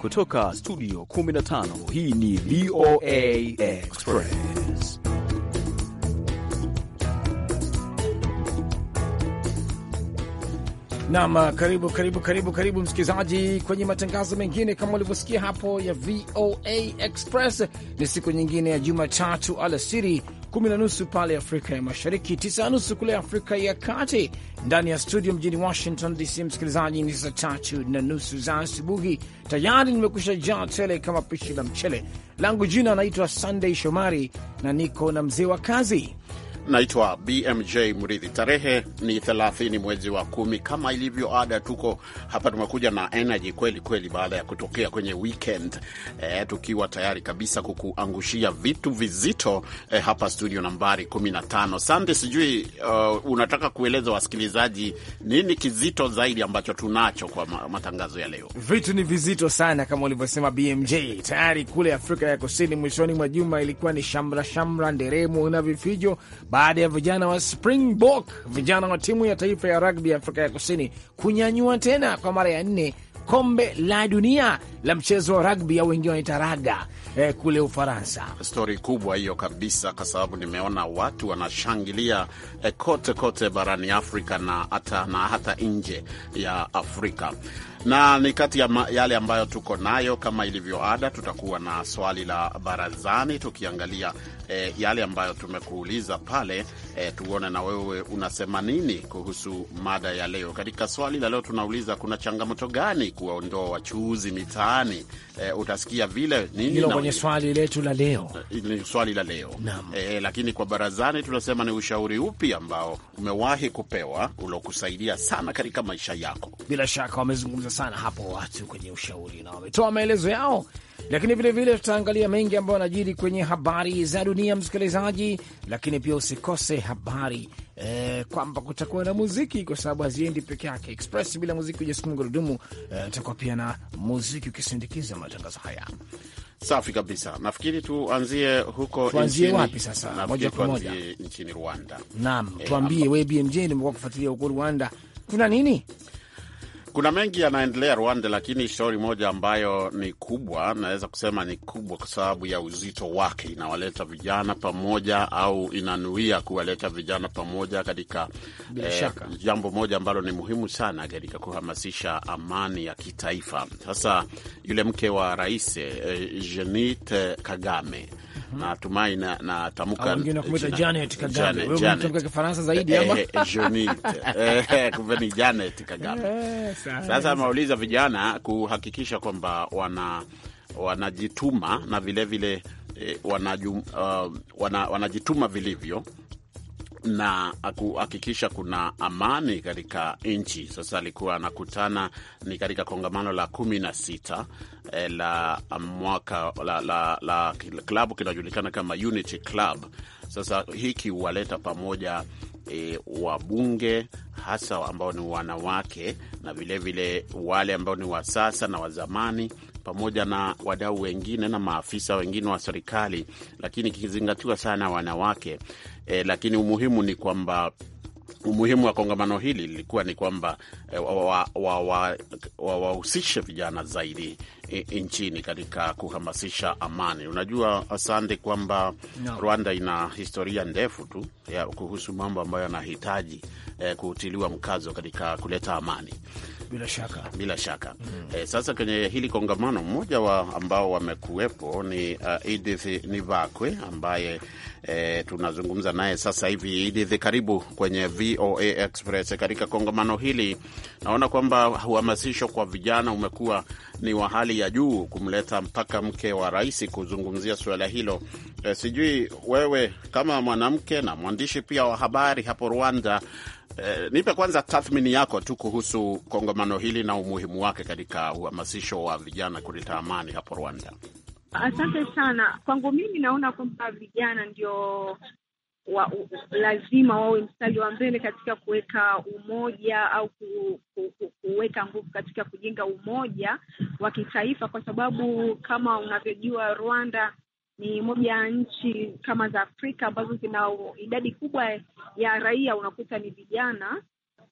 Kutoka studio 15 hii ni VOA Express. Nam, karibu karibu karibu karibu msikilizaji kwenye matangazo mengine kama ulivyosikia hapo ya VOA Express. Ni siku nyingine ya Jumatatu alasiri kumi na nusu pale Afrika ya Mashariki, tisa na nusu kule Afrika ya Kati. Ndani ya studio mjini Washington DC, msikilizaji, ni saa tatu na nusu za asubuhi tayari. Nimekusha jaa tele kama pishi la mchele langu. Jina anaitwa Sunday Shomari na niko na mzee wa kazi Naitwa BMJ Mridhi. Tarehe ni 30 mwezi wa kumi. Kama ilivyo ada, tuko hapa, tumekuja na energy kweli kweli, baada ya kutokea kwenye weekend e, tukiwa tayari kabisa kukuangushia vitu vizito e, hapa studio nambari 15. Sande, sijui uh, unataka kueleza wasikilizaji nini kizito zaidi ambacho tunacho kwa matangazo ya leo? Vitu ni vizito sana kama ulivyosema BMJ. Tayari kule Afrika ya Kusini mwishoni mwa juma ilikuwa ni shamra shamra, nderemo na vifijo baada ya vijana wa Springbok, vijana wa timu ya taifa ya rugby ya Afrika ya Kusini kunyanyua tena kwa mara ya nne kombe la dunia la mchezo wa rugby au wengine wanaita raga eh, kule Ufaransa. Stori kubwa hiyo kabisa, kwa sababu nimeona watu wanashangilia eh, kote kote barani Afrika na hata, na hata nje ya Afrika na ni kati ya yale ambayo tuko nayo. Kama ilivyo ada, tutakuwa na swali la barazani tukiangalia eh, yale ambayo tumekuuliza pale eh, tuone na wewe unasema nini kuhusu mada ya leo. Katika swali la leo tunauliza kuna changamoto gani kuwaondoa wachuuzi mitaani? Eh, utasikia vile nini kwenye swali letu la leo, eh, ni swali la leo eh, lakini kwa barazani tunasema ni ushauri upi ambao umewahi kupewa ulokusaidia sana katika maisha yako? Bila shaka wamezungumza wamejitokeza sana hapo watu kwenye ushauri na wametoa maelezo yao, lakini vilevile tutaangalia mengi ambayo wanajiri kwenye habari za dunia, msikilizaji. Lakini pia usikose habari eh, kwamba kutakuwa na muziki, kwa sababu haziendi peke yake. Express bila muziki hujasukuma gurudumu. Eh, pia na muziki ukisindikiza matangazo haya. Safi kabisa. Nafikiri tuanzie huko, tuanzie wapi sasa? Moja kwa moja nchini Rwanda. Naam, eh, tuambie wewe BMJ, nimekuwa kufuatilia huko Rwanda, kuna nini? Kuna mengi yanaendelea Rwanda, lakini stori moja ambayo ni kubwa, naweza kusema ni kubwa kwa sababu ya uzito wake, inawaleta vijana pamoja au inanuia kuwaleta vijana pamoja katika eh, jambo moja ambalo ni muhimu sana katika kuhamasisha amani ya kitaifa. Sasa yule mke wa rais eh, Jeanette Kagame natumai na, na tamka Janet Kagame, wewe unatamka Kifaransa zaidi ama eh, eh, Janet, eh, Janet Kagame. Sasa vijana kuhakikisha kwamba wana wanajituma na vilevile vile, eh, wanajum, uh, wana, wanajituma vilivyo na kuhakikisha kuna amani katika nchi. Sasa alikuwa anakutana ni katika kongamano la kumi na sita eh, la mwaka la, la, la klabu kinajulikana kama Unity Club. Sasa hiki huwaleta pamoja E, wabunge hasa ambao ni wanawake na vilevile wale ambao ni wa sasa na wa zamani pamoja na wadau wengine na maafisa wengine wa serikali, lakini kikizingatiwa sana wanawake e, lakini umuhimu ni kwamba umuhimu wa kongamano hili lilikuwa ni kwamba wawahusishe wa, wa, wa, wa vijana zaidi e, nchini katika kuhamasisha amani. Unajua, asante kwamba no. Rwanda ina historia ndefu tu ya kuhusu mambo ambayo yanahitaji e, kutiliwa mkazo katika kuleta amani bila shaka, bila shaka. Mm -hmm. E, sasa kwenye hili kongamano mmoja wa ambao wamekuwepo ni uh, Edith Nivakwe ambaye e, tunazungumza naye sasa hivi. Edith, karibu kwenye VOA Express. Katika kongamano hili naona kwamba uhamasisho kwa vijana umekuwa ni wa hali ya juu, kumleta mpaka mke wa rais kuzungumzia suala hilo. E, sijui wewe kama mwanamke na mwandishi pia wa habari hapo Rwanda Eh, nipe kwanza tathmini yako tu kuhusu kongamano hili na umuhimu wake katika uhamasisho wa vijana kuleta amani hapo Rwanda. Asante sana. Kwangu mimi naona kwamba vijana ndio wa, u, lazima wawe mstari wa mbele katika kuweka umoja au ku, ku, ku, kuweka nguvu katika kujenga umoja wa kitaifa, kwa sababu kama unavyojua Rwanda ni moja ya nchi kama za Afrika ambazo zina idadi kubwa ya raia, unakuta ni vijana,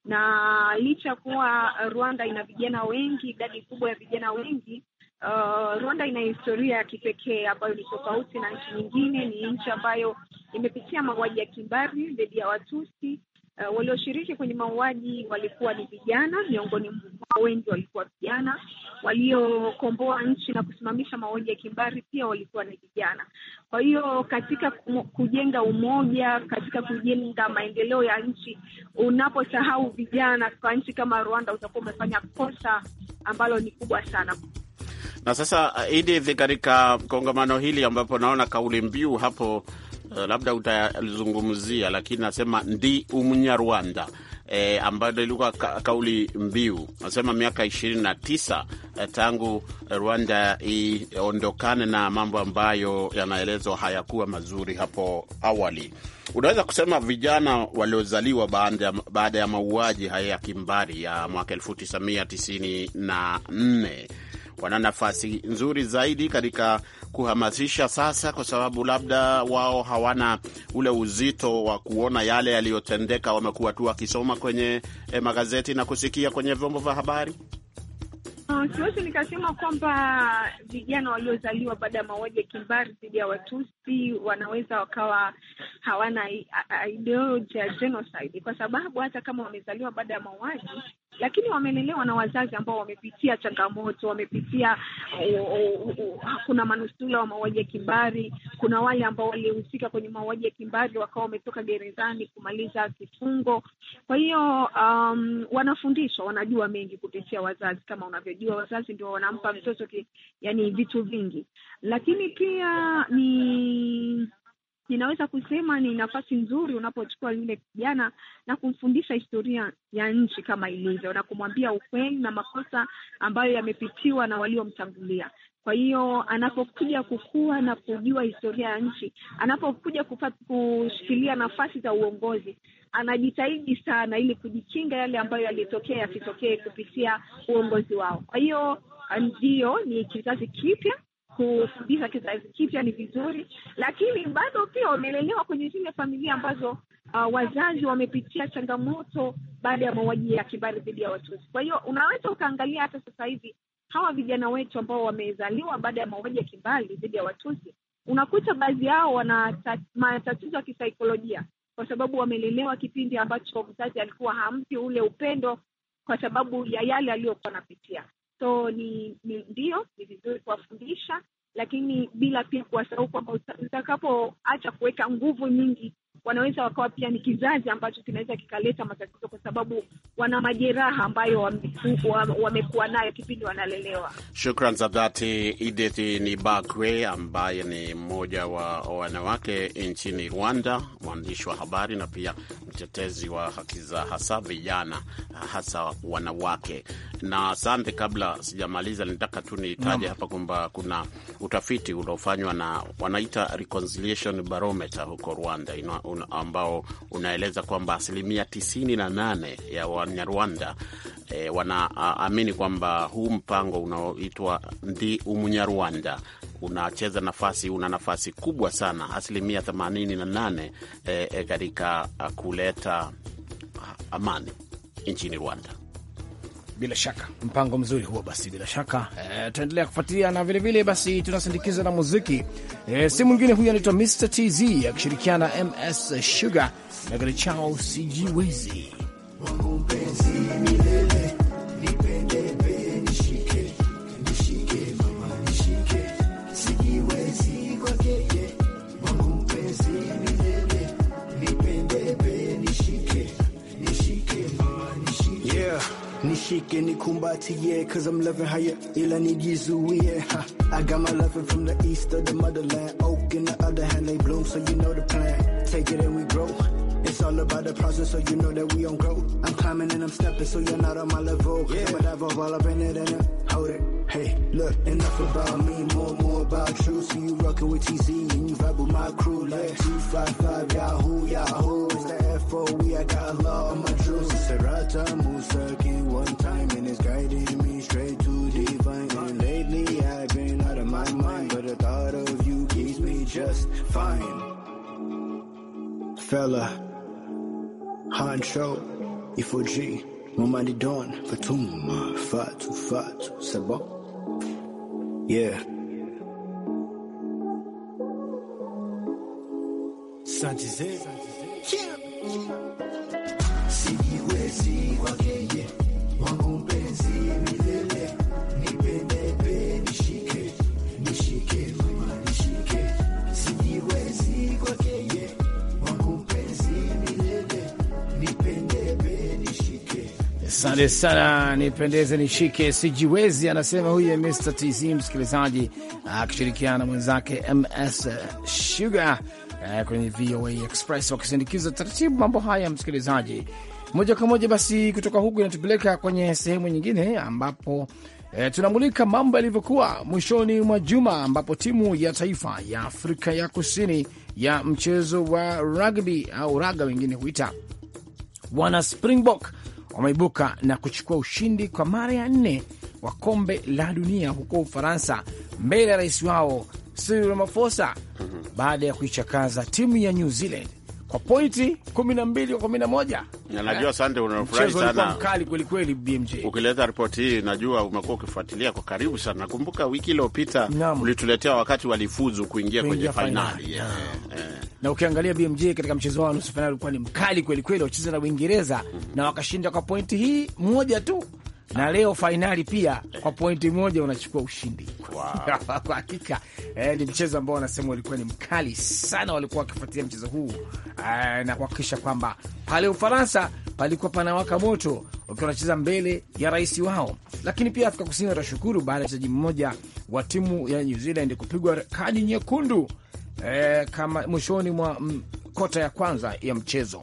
na licha ya kuwa Rwanda ina vijana wengi, idadi kubwa ya vijana wengi Uh, Rwanda ina historia ya kipekee ambayo ni tofauti na nchi nyingine. Ni nchi ambayo imepitia mauaji ya kimbari dhidi ya Watusi, Uh, walioshiriki kwenye mauaji walikuwa ni vijana, miongoni mwa wengi walikuwa vijana. Waliokomboa nchi na kusimamisha mauaji ya kimbari pia walikuwa ni vijana. Kwa hiyo katika kujenga umoja, katika kujenga maendeleo ya nchi, unaposahau vijana kwa nchi kama Rwanda, utakuwa umefanya kosa ambalo ni kubwa sana. Na sasa Edith, eh, katika kongamano hili ambapo naona kauli mbiu hapo Eh, labda utayazungumzia, lakini nasema ndi umunyarwanda E, eh, ambayo ilikuwa ka, kauli mbiu nasema miaka ishirini na tisa eh, tangu Rwanda iondokane na mambo ambayo yanaelezwa hayakuwa mazuri hapo awali. Unaweza kusema vijana waliozaliwa baada ya mauaji haya ya kimbari ya mwaka elfu tisa mia tisini na nne wana nafasi nzuri zaidi katika kuhamasisha sasa, kwa sababu labda wao hawana ule uzito wa kuona yale yaliyotendeka. Wamekuwa tu wakisoma kwenye eh, magazeti na kusikia kwenye vyombo vya habari. Uh, siwezi nikasema kwamba vijana waliozaliwa baada ya mauaji ya kimbari dhidi ya Watusi wanaweza wakawa hawana ideology ya genocide, kwa sababu hata kama wamezaliwa baada ya mauaji, lakini wamelelewa na wazazi ambao wamepitia changamoto, wamepitia uh, uh, uh, kuna manusula wa mauaji ya kimbari, kuna wale ambao walihusika kwenye mauaji ya kimbari wakawa wametoka gerezani kumaliza kifungo. Kwa hiyo um, wanafundishwa, wanajua mengi kupitia wazazi. Kama unavyojua, wazazi ndio wanampa mtoto yani vitu vingi, lakini pia ni ninaweza kusema ni nafasi nzuri unapochukua yule kijana na kumfundisha historia ya nchi kama ilivyo, na kumwambia ukweli na makosa ambayo yamepitiwa na waliomtangulia. Kwa hiyo anapokuja kukua na kujua historia ya nchi, anapokuja kushikilia nafasi za uongozi, anajitahidi sana ili kujikinga yale ambayo yalitokea yasitokee kupitia uongozi wao. Kwa hiyo, ndiyo, ni kizazi kipya kufundisha kizazi kipya ni vizuri, lakini bado pia wamelelewa kwenye zile familia ambazo uh, wazazi wamepitia changamoto baada ya mauaji ya kimbari dhidi ya Watusi. Kwa hiyo unaweza ukaangalia hata sasa hivi hawa vijana wetu ambao wamezaliwa baada ya mauaji ya kimbari dhidi ya Watusi, unakuta baadhi yao wana matatizo ya kisaikolojia kwa sababu wamelelewa kipindi ambacho mzazi alikuwa hampi ule upendo kwa sababu ya yale aliyokuwa anapitia. So ni ndio, ni vizuri kuwafundisha, lakini bila pia kuwasahau kwamba utakapoacha kuweka nguvu nyingi wanaweza wakawa pia ni kizazi ambacho kinaweza kikaleta matatizo, kwa sababu wana majeraha ambayo wamekuwa nayo kipindi wanalelewa. Shukran za dhati Edith Bakwe, ambaye ni mmoja wa wanawake nchini Rwanda, mwandishi wa habari na pia mtetezi wa haki za hasa vijana, hasa wanawake. Na sande kabla sijamaliza, nitaka tu nitaje hapa kwamba kuna utafiti unaofanywa na wanaita Reconciliation Barometer huko Rwanda un, ambao unaeleza kwamba asilimia 98 ya Wanyarwanda e, wanaamini kwamba huu mpango unaoitwa Ndi Umunyarwanda unacheza nafasi, una nafasi kubwa sana, asilimia 88 katika e, e, kuleta amani nchini Rwanda. Bila shaka mpango mzuri huo. Basi bila shaka e, tutaendelea kufuatilia na vilevile vile, basi tunasindikiza na muziki e, si mwingine huyu anaitwa Mr TZ akishirikiana MS Sugar na gari chao sijiwezi chic and it kumbati, yeah, cause I'm loving how you, you need you zoo, yeah. I got my loving from the east of the motherland. Oak in the other hand, they bloom, so you know the plan. Take it and we grow. It's all about the process, so you know that we on go. I'm climbing and I'm stepping, so you're not on my level. Yeah, whatever, while I've been it and it, hold it. Hey, look, enough about me, more, more about you. See you rockin' with TC and you vibe with my crew. Like 255, Yahoo, Yahoo. It's the we I got lot on my truth. It's a rata, move one time and it's guiding me straight to divine. And lately I've been out of my mind, but the thought of you keeps me just fine. Fella. Hancho e fugi, mon maridon, fatum, fatu fato, c'est Yeah. Saint-Dizé? Yeah. Sigue, sigo aqui, Asante sana, nipendeze nishike sijiwezi, anasema huyu Mr TC msikilizaji akishirikiana na mwenzake MS Sugar eh, kwenye VOA Express wakisindikiza taratibu mambo haya, msikilizaji. Moja kwa moja basi kutoka huku inatupeleka kwenye sehemu nyingine ambapo E, tunamulika mambo yalivyokuwa mwishoni mwa juma ambapo timu ya taifa ya Afrika ya Kusini ya mchezo wa rugby au raga wengine huita wana Springbok wameibuka na kuchukua ushindi kwa mara ya nne wa kombe la dunia huko Ufaransa, mbele ya rais wao Cyril Ramaphosa mhm. baada ya kuichakaza timu ya New Zealand kwa pointi 12 kwa 11. Najua eh, sande, unafurahi sana mkali kweli kweli, BMJ, ukileta ripoti hii. Najua umekuwa ukifuatilia kwa karibu sana. Nakumbuka wiki iliyopita ulituletea wakati walifuzu kuingia kwenye fainali yeah. yeah na ukiangalia BMJ katika mchezo wao nusu fainali ulikuwa ni mkali kweli kweli, wacheza na Uingereza na wakashinda kwa pointi hii moja tu na leo fainali pia kwa pointi moja unachukua ushindi wow. Kwa hakika eh, ni mchezo ambao wanasema ulikuwa ni mkali sana, walikuwa wakifuatilia mchezo huu eh, na kuhakikisha kwamba pale Ufaransa palikuwa panawaka moto wakiwa wanacheza mbele ya rais wao. Lakini pia Afrika Kusini watashukuru baada ya mchezaji mmoja wa timu ya New Zealand kupigwa kadi nyekundu eh, kama mwishoni mwa m, mm, kota ya kwanza ya mchezo.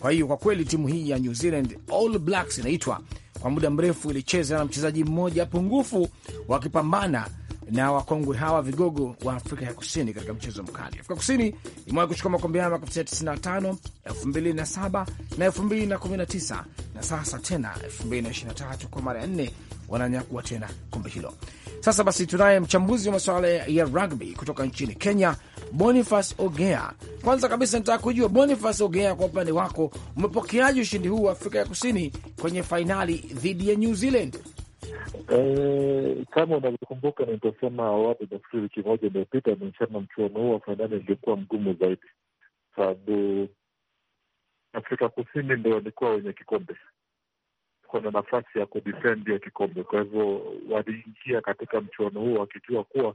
Kwa hiyo kwa kweli timu hii ya New Zealand All Blacks inaitwa kwa muda mrefu ilicheza na mchezaji mmoja pungufu, wakipambana na wakongwe hawa vigogo wa Afrika ya Kusini katika mchezo mkali. Afrika Kusini imewahi kuchukua makombe haya mwaka 95, 2007 na 2019 na sasa tena 2023 kwa mara ya nne wananyakua tena kombe hilo. Sasa basi, tunaye mchambuzi wa masuala ya rugby kutoka nchini Kenya, Boniface Ogea. Kwanza kabisa nataka kujua Boniface Ogea, kwa upande wako umepokeaje ushindi huu wa Afrika ya Kusini kwenye fainali dhidi ya New Zealand? E, kama unavyokumbuka niliposema awali, nafikiri wiki moja imepita, nimesema mchuano huu wa fainali ingekuwa mgumu zaidi, sababu Afrika Kusini ndio walikuwa wenye kikombe kuna nafasi ya kudefend ya kikombe. Kwa hivyo waliingia katika mchuano huo wakijua kuwa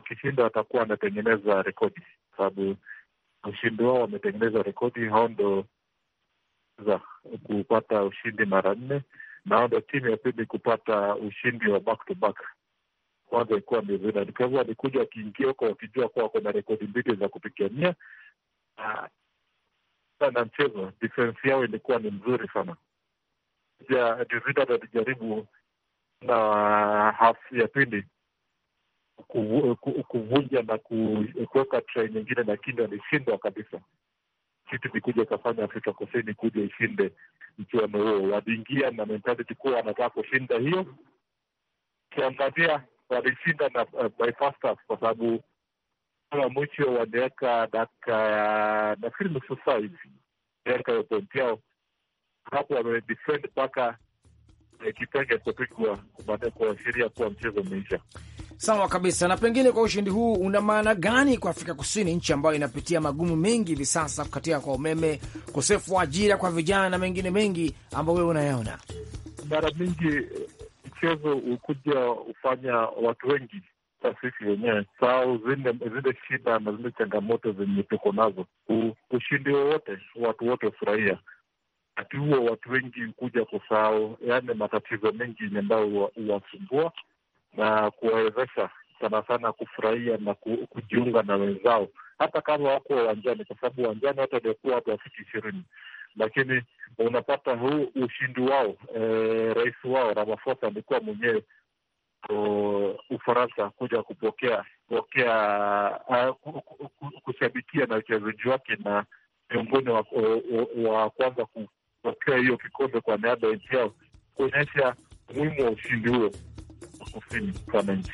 ukishinda watakuwa wanatengeneza rekodi, sababu ushindi wao wametengeneza rekodi. Hao ndo za kupata ushindi mara nne na hao ndo timu ya pili kupata ushindi wa back to back. Kwanza ilikuwa New Zealand. Kwa hivyo walikuja wakiingia huko wakijua kuwa na rekodi mbili za kupigania ah, na mchezo, defense yao ilikuwa ni mzuri sana alijaribu na hafu ya pili kuvunja na kuweka trai nyingine, lakini alishindwa kabisa. Kitu kikuja ikafanya Afrika Kusini kuja ishinde mchuano huo. Waliingia na mentality kuwa wanataka kushinda hiyo. Ukiangalia walishinda na eh, by kwa sababu kwa mwisho waliweka dakika ya nafikiri nusu saa hivi, waliweka hiyo yao hapo wamedefend mpaka eh, kipenge kipenga ilipopigwa kuashiria kuwa mchezo umeisha. Sawa kabisa. Na pengine kwa ushindi huu una maana gani kwa Afrika Kusini, nchi ambayo inapitia magumu mengi hivi sasa, kukatika kwa umeme, ukosefu wa ajira kwa vijana na mengine mengi ambayo wewe unayaona? Mara mingi eh, mchezo ukuja hufanya watu wengi sisi wenyewe sau zile zile shida na zile changamoto zenye tuko nazo, ushindi wowote watu wote hufurahia wakati huo watu wengi kuja kusahau yale matatizo mengi ambayo huwasumbua na kuwawezesha sana sana kufurahia na kujiunga na wenzao, hata kama wako uwanjani, kwa sababu uwanjani hata waliokuwa watu wafiki ishirini, lakini unapata huu ushindi wao. E, rais wao ramafosa alikuwa mwenyewe Ufaransa kuja kupokea pokea kushabikia na uchezaji wake na miongoni wa, wa, wa kwanza kupokea hiyo kikombe kwa niaba ya nchi yao, kuonyesha umuhimu wa ushindi huo kusini kwa nchi.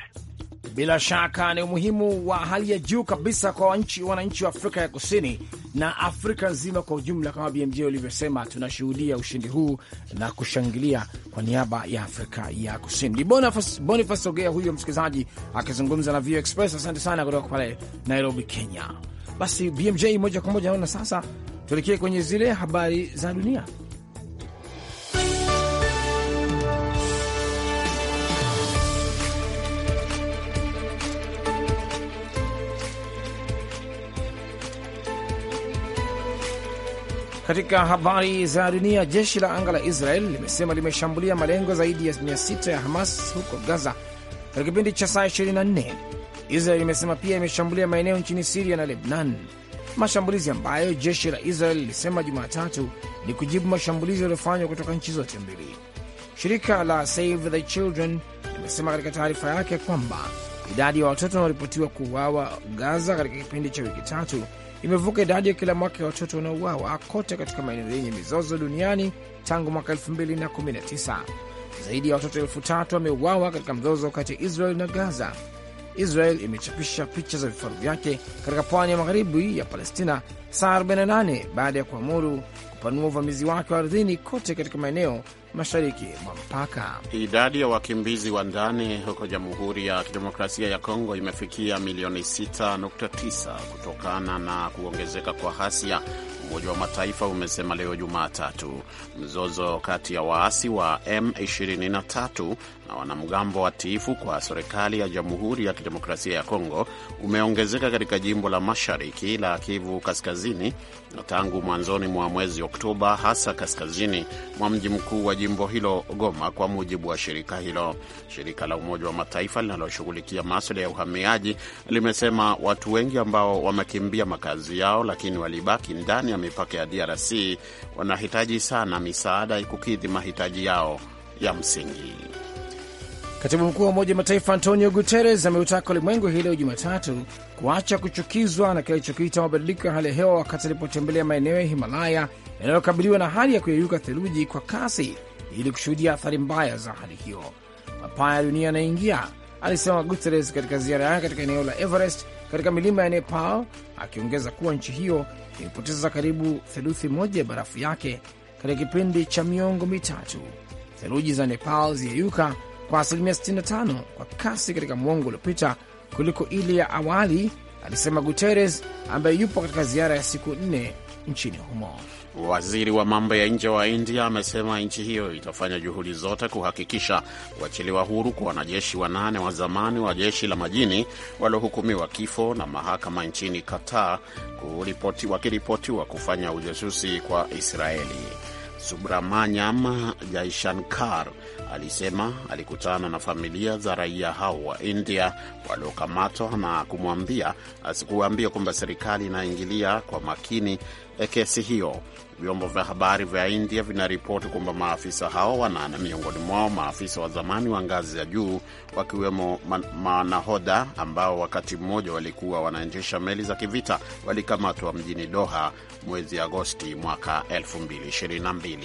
Bila shaka ni umuhimu wa hali ya juu kabisa kwa wananchi wananchi wa Afrika ya Kusini na Afrika nzima kwa ujumla. Kama BMJ ulivyosema, tunashuhudia ushindi huu na kushangilia kwa niaba ya Afrika ya Kusini. Ni Boniface Ogea huyo msikilizaji akizungumza na Vio Express. Asante sana kutoka pale Nairobi, Kenya. Basi BMJ, moja kwa moja naona sasa tuelekee kwenye zile habari za dunia. Katika habari za dunia, jeshi la anga la Israel limesema limeshambulia malengo zaidi ya 6 ya Hamas huko Gaza katika kipindi cha saa 24. Israel imesema pia imeshambulia maeneo nchini Siria na Lebnan mashambulizi ambayo jeshi la Israel lilisema Jumatatu ni kujibu mashambulizi yaliyofanywa kutoka nchi zote mbili. Shirika la Save the Children limesema katika taarifa yake kwamba idadi ya watoto wanaoripotiwa kuuawa Gaza katika kipindi cha wiki tatu imevuka idadi ya kila mwaka ya watoto wanaouawa kote katika maeneo yenye mizozo duniani tangu mwaka 2019. Zaidi ya watoto elfu tatu wameuawa katika mzozo kati ya Israel na Gaza Israel imechapisha picha za vifaru vyake katika pwani ya magharibi ya Palestina saa 48 baada ya kuamuru kupanua uvamizi wake wa ardhini kote katika maeneo mashariki mwa mpaka. Idadi ya wakimbizi wa ndani huko Jamhuri ya Kidemokrasia ya Kongo imefikia milioni 6.9 kutokana na kuongezeka kwa hasia, Umoja wa Mataifa umesema leo Jumatatu. Mzozo kati ya waasi wa M23 na wanamgambo watiifu kwa serikali ya Jamhuri ya Kidemokrasia ya Kongo umeongezeka katika jimbo la mashariki la Kivu Kaskazini na tangu mwanzoni mwa mwezi Oktoba, hasa kaskazini mwa mji mkuu wa jimbo hilo Goma, kwa mujibu wa shirika hilo. Shirika la Umoja wa Mataifa linaloshughulikia maswala ya uhamiaji limesema watu wengi ambao wamekimbia makazi yao lakini walibaki ndani ya mipaka ya DRC wanahitaji sana misaada kukidhi mahitaji yao ya msingi. Katibu mkuu wa Umoja Mataifa Antonio Guterres ameutaka ulimwengu hii leo Jumatatu kuacha kuchukizwa na kilichokiita mabadiliko ya hali ya hewa wakati alipotembelea maeneo ya Himalaya yanayokabiliwa na hali ya kuyeyuka theluji kwa kasi ili kushuhudia athari mbaya za hali hiyo. Mapaa ya dunia yanaingia, alisema Guterres katika ziara yake katika eneo la Everest katika milima ya Nepal, akiongeza kuwa nchi hiyo imepoteza karibu theluthi moja ya barafu yake katika kipindi cha miongo mitatu. Theluji za Nepal ziyeyuka kwa asilimia 65 kwa kasi katika mwongo uliopita kuliko ile ya awali, alisema Guterres ambaye yupo katika ziara ya siku nne nchini humo. Waziri wa mambo ya nje wa India amesema nchi hiyo itafanya juhudi zote kuhakikisha kuachiliwa huru kwa wanajeshi wanane wa zamani wa jeshi la majini waliohukumiwa kifo na mahakama nchini Qatar wakiripotiwa kufanya ujasusi kwa Israeli. Subramanyam Jaishankar alisema alikutana na familia za raia hao wa India waliokamatwa na kumwambia asikuambia kwamba serikali inaingilia kwa makini kesi hiyo. Vyombo vya habari vya India vinaripoti kwamba maafisa hao wanane, miongoni mwao maafisa wa zamani wa ngazi ya juu, wakiwemo manahodha ma ambao wakati mmoja walikuwa wanaendesha meli za kivita, walikamatwa mjini Doha mwezi Agosti mwaka 2022.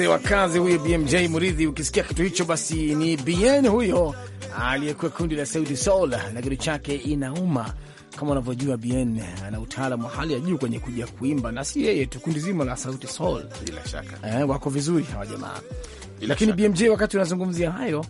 mzee wa kazi huyo BMJ Muridhi. Ukisikia kitu hicho, basi ni BN huyo aliyekuwa kundi la Saudi Soul na kitu chake inauma. Kama unavyojua BN ana utaalamu wa hali ya juu kwenye kuja kuimba, na si yeye tu, kundi zima la Sauti Sol bila shaka eh, wako vizuri hawa jamaa. Lakini shaka. BMJ wakati unazungumzia hayo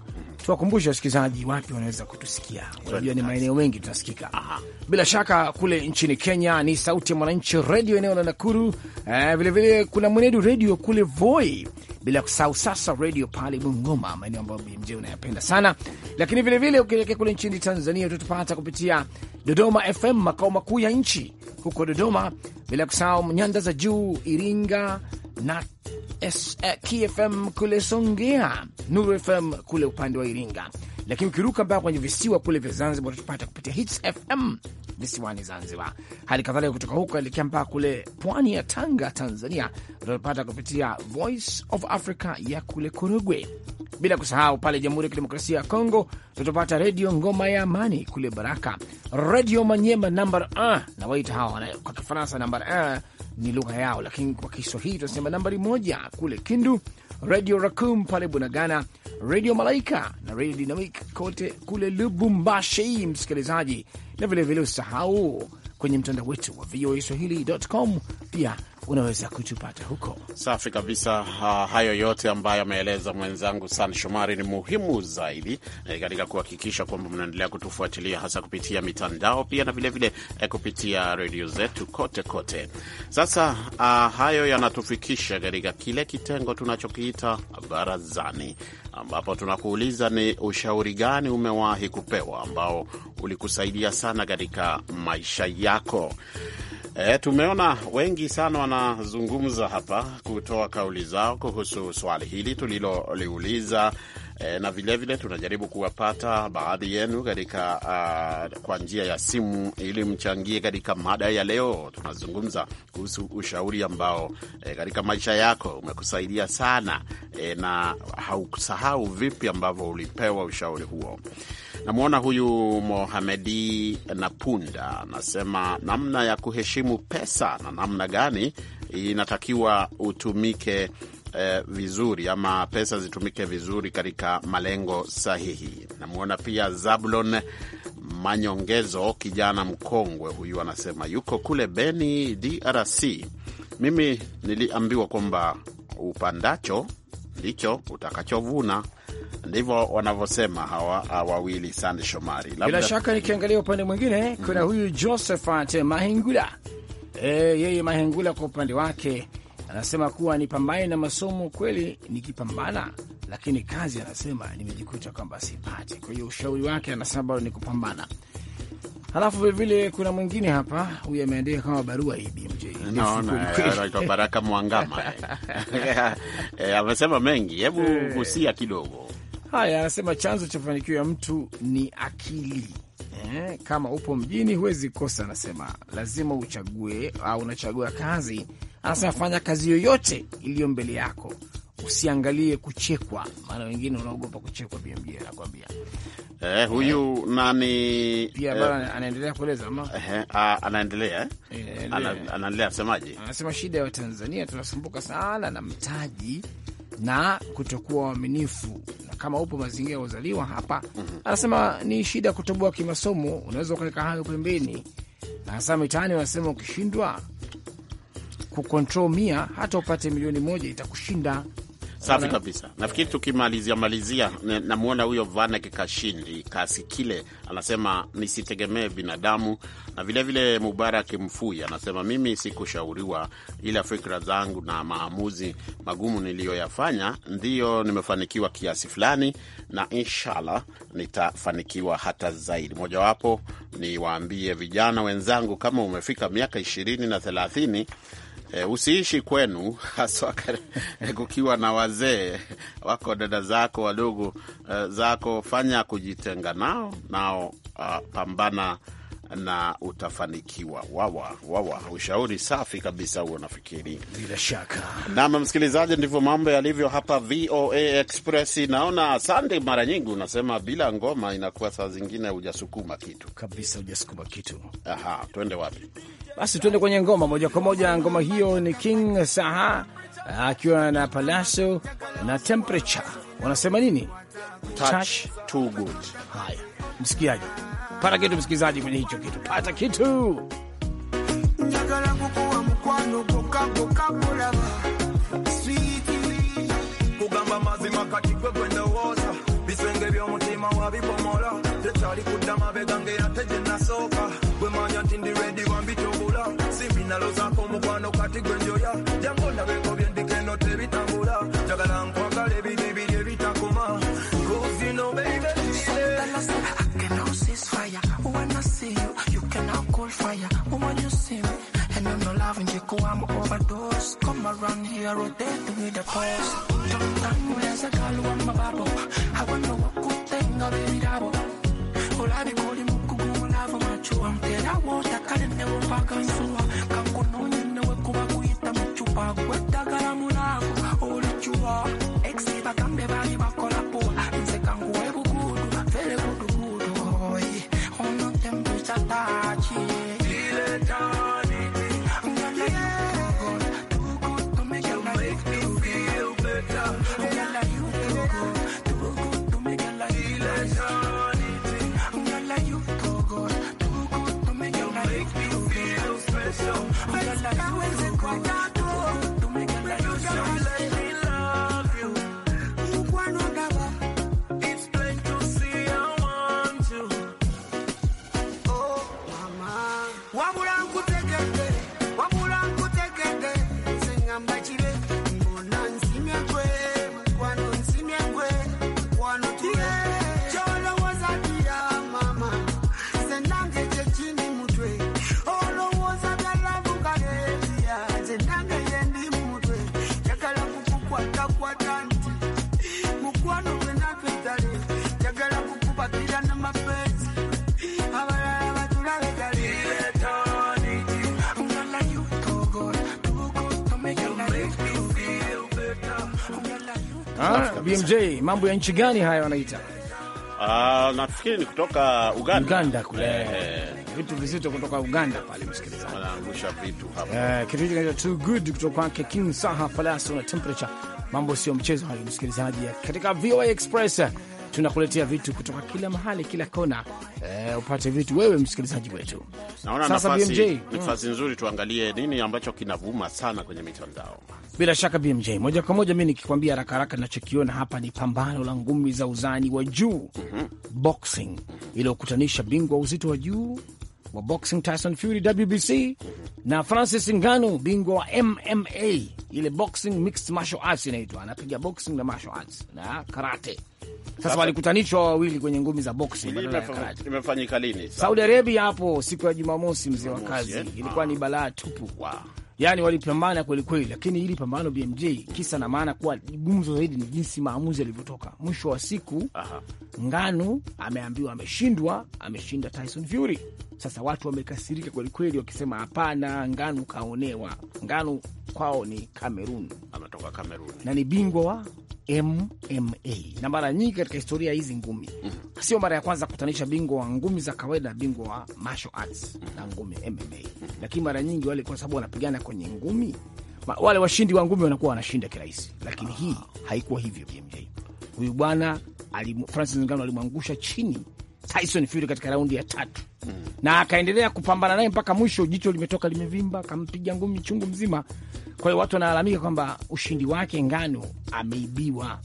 tuwakumbushe wasikilizaji wapi wanaweza kutusikia. Unajua ni maeneo mengi tunasikika. Aha. Bila shaka kule nchini Kenya ni Sauti ya Mwananchi redio eneo la Nakuru, vilevile eh, vile kuna Mwenedu redio kule Voi, bila kusahau sasa redio pale Bungoma, maeneo ambayo BMJ unayapenda sana. Lakini vilevile ukielekea kule nchini Tanzania utatupata kupitia Dodoma FM, makao makuu ya nchi huko Dodoma, bila kusahau nyanda za juu Iringa na KFM kule Songea, Nuru FM kule upande wa Iringa, lakini ukiruka mpaka kwenye visiwa kule vya Zanzibar utapata kupitia Hits FM visiwani Zanzibar. Hali kadhalika kutoka huko elekea mpaka kule pwani ya Tanga, Tanzania, utapata kupitia Voice of Africa ya kule Korogwe bila kusahau pale Jamhuri ya Kidemokrasia ya Kongo tutapata Redio Ngoma ya Amani kule Baraka, Redio Manyema nambar na waita hawa kwa Kifaransa nambar ni lugha yao, lakini kwa Kiswahili tunasema nambari moja kule Kindu, Redio Rakum pale Bunagana, Redio Malaika na Redio Dinamik kote kule Lubumbashi, msikilizaji, na vilevile usahau kwenye mtandao wetu wa VOA Swahili.com. Pia unaweza kutupata huko. Safi kabisa. Ha, hayo yote ambayo ameeleza mwenzangu San Shomari ni muhimu zaidi e, katika kuhakikisha kwamba mnaendelea kutufuatilia hasa kupitia mitandao pia na vilevile e, eh, kupitia redio zetu kote kote. Sasa ha, ah, hayo yanatufikisha katika kile kitengo tunachokiita barazani ambapo tunakuuliza ni ushauri gani umewahi kupewa ambao ulikusaidia sana katika maisha yako. E, tumeona wengi sana wanazungumza hapa kutoa kauli zao kuhusu swali hili tuliloliuliza e, na vilevile tunajaribu kuwapata baadhi yenu katika uh, kwa njia ya simu ili mchangie katika mada ya leo. Tunazungumza kuhusu ushauri ambao e, katika maisha yako umekusaidia sana e, na haukusahau vipi ambavyo ulipewa ushauri huo. Namwona huyu Mohamedi Napunda anasema namna ya kuheshimu pesa na namna gani inatakiwa utumike eh, vizuri ama pesa zitumike vizuri katika malengo sahihi. Namwona pia Zablon Manyongezo, kijana mkongwe huyu, anasema yuko kule Beni, DRC. Mimi niliambiwa kwamba upandacho ndicho utakachovuna. Ndivyo wanavyosema hawa ah, wawili, Sande Shomari. Bila shaka nikiangalia upande mwingine kuna mm -hmm. huyu Josephat Mahingula. e, yeye Mahengula kwa upande wake anasema kuwa nipambane na masomo kweli, nikipambana, lakini kazi anasema nimejikuta kwamba sipati. Kwa hiyo ushauri wake anasema bado ni kupambana. Halafu vilevile kuna mwingine hapa, huyu ameandika kama barua hii BMJ naona eh, Baraka Mwangama eh. Eh, amesema mengi, hebu gusia kidogo haya. Anasema chanzo cha mafanikio ya mtu ni akili eh, kama upo mjini huwezi kosa. Anasema lazima uchague au unachagua kazi Anasema fanya kazi yoyote iliyo mbele yako, usiangalie kuchekwa, maana wengine unaogopa kuchekwa. BMJ eh, huyu eh, nani pia eh, anaendelea kueleza ama eh, ah, anaendelea eh, anaendelea asemaje? Anasema shida ya Watanzania tunasumbuka sana na mtaji na kutokuwa waaminifu na kama upo mazingira ya uzaliwa hapa. mm -hmm. Anasema ni shida kutoboa kimasomo, unaweza ukaweka hayo pembeni. Hasa mitaani wanasema ukishindwa kukontrol mia hata upate milioni moja itakushinda. Safi kabisa. Nafikiri tukimalizia malizia, namwona huyo Vanek Kashindi Kasikile anasema nisitegemee binadamu, na vilevile vile Mubarak Mfui anasema mimi sikushauriwa, ila fikra zangu na maamuzi magumu niliyoyafanya ndiyo nimefanikiwa kiasi fulani, na inshallah nitafanikiwa hata zaidi. Mojawapo niwaambie vijana wenzangu, kama umefika miaka ishirini na thelathini E, usiishi kwenu haswa kukiwa na wazee wako dada zako wadogo eh, zako, fanya kujitenga nao nao, uh, pambana na utafanikiwa. Wawa wawa, ushauri safi kabisa huo, nafikiri bila shaka. Nam msikilizaji, ndivyo mambo yalivyo hapa VOA Express. Naona Sunday, mara nyingi unasema bila ngoma inakuwa saa zingine hujasukuma kitu kabisa, hujasukuma kitu. Aha, tuende wapi basi? Tuende kwenye ngoma moja kwa moja. Ngoma hiyo ni King Saha akiwa na Palaso na Temperature. Wanasema nini? touch too good. Haya, msikiaje? Pata kitu msikizaji kwenye hicho kitu, pata kitu kugamba mazima kati gwe gwendowooza bisenge by'omutima wabipomola tekyalikuda mabegange yate gye nasooka gwe manya nti ndi redi wambitubula simbinalozaako omukwano kati gwe njoya jango ndabeko byendikeno see you, you cannot cool fire. Woman, you see me, and I'm not loving you, go, I'm overdose. Come around here, rotate with the pose. Don't me, there's a girl who I'm a babo. I want to walk good thing, I'll be dabo. All I be calling Muku, love my chew. I'm dead, I will to I can't never back on floor. Come on, you know, Kuba, we eat them, chupa, quiet. Mambo ya nchi gani haya wanaita? Uh, nafikiri ni kutoka Uganda, Uganda kule eh, vitu vizito kutoka Uganda pale, msikilizaji anaangusha vitu hapa eh, kitu kinaitwa too good kutoka kwake King Saha Palaso na temperature. Mambo sio mchezo hayo, msikilizaji, katika VOA Express tunakuletea vitu kutoka kila mahali, kila kona, eh, upate vitu wewe msikilizaji wetu. Naona nafasi, mm. nafasi nzuri, tuangalie nini ambacho kinavuma sana kwenye mitandao. Bila shaka BMJ, moja kwa moja mi nikikwambia haraka haraka, nachokiona hapa ni pambano la ngumi za uzani wa juu, mm -hmm. boxing, iliyokutanisha bingwa uzito wa juu wa boxing Tyson Fury WBC, na Francis Ngannou bingwa wa MMA, ile boxing mixed martial arts inaitwa, anapiga boxing na martial arts na karate. Sasa walikutanishwa wawili kwenye ngumi za boxing. Imefanyika lini? Saudi Arabia hapo siku ya Jumamosi, mzee wa kazi, eh? ilikuwa ni ah. balaa tupu. Wow yani walipambana kwelikweli, lakini hili pambano BMJ, kisa na maana kuwa gumzo zaidi ni jinsi maamuzi yalivyotoka mwisho wa siku. Aha. Nganu ameambiwa ameshindwa, ameshinda Tyson Fury. Sasa watu wamekasirika kwelikweli, wakisema hapana, Nganu kaonewa. Nganu kwao ni Kamerun, ametoka Kamerun na ni bingwa wa MMA, na mara nyingi katika historia hizi ngumi mm -hmm. sio mara ya kwanza kukutanisha bingwa wa ngumi za kawaida na bingwa wa martial arts mm -hmm. na ngumi MMA mm -hmm. lakini mara nyingi wale, kwa sababu wanapigana kwenye ngumi, wale washindi wa ngumi wanakuwa wanashinda kirahisi, lakini ah. hii haikuwa hivyo. BMJ huyu bwana Francis Ngannou alimwangusha chini Tyson Fury katika raundi ya tatu mm. na akaendelea kupambana naye mpaka mwisho, jicho limetoka limevimba, akampiga ngumi chungu mzima kwa hiyo watu wanalalamika kwamba ushindi wake Ngano ameibiwa.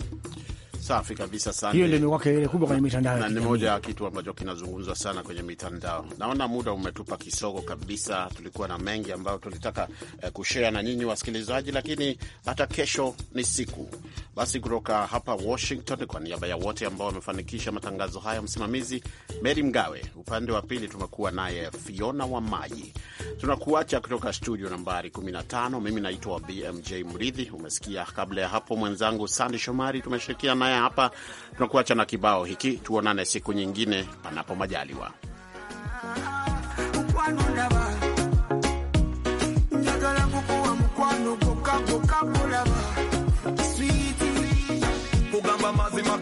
Safi kabisa sana. Hiyo ndio imekuwa kelele kubwa kwenye mitandao. Na ni moja ya kitu ambacho kinazungumzwa sana kwenye mitandao. Naona muda umetupa kisogo kabisa. Tulikuwa na mengi ambayo tulitaka eh, kushare na nyinyi wasikilizaji, lakini hata kesho ni siku. Basi kutoka hapa Washington, kwa niaba ya wote ambao wamefanikisha matangazo haya, msimamizi Mary Mgawe, upande wa pili tumekuwa naye Fiona wa Maji. Tunakuacha kutoka studio nambari 15. Mimi naitwa BMJ Mridhi. Umesikia kabla ya hapo mwenzangu Sandy Shomari tumeshirikiana naye naye hapa. Tunakuacha na kibao hiki, tuonane siku nyingine, panapo majaliwa. kugamba mazima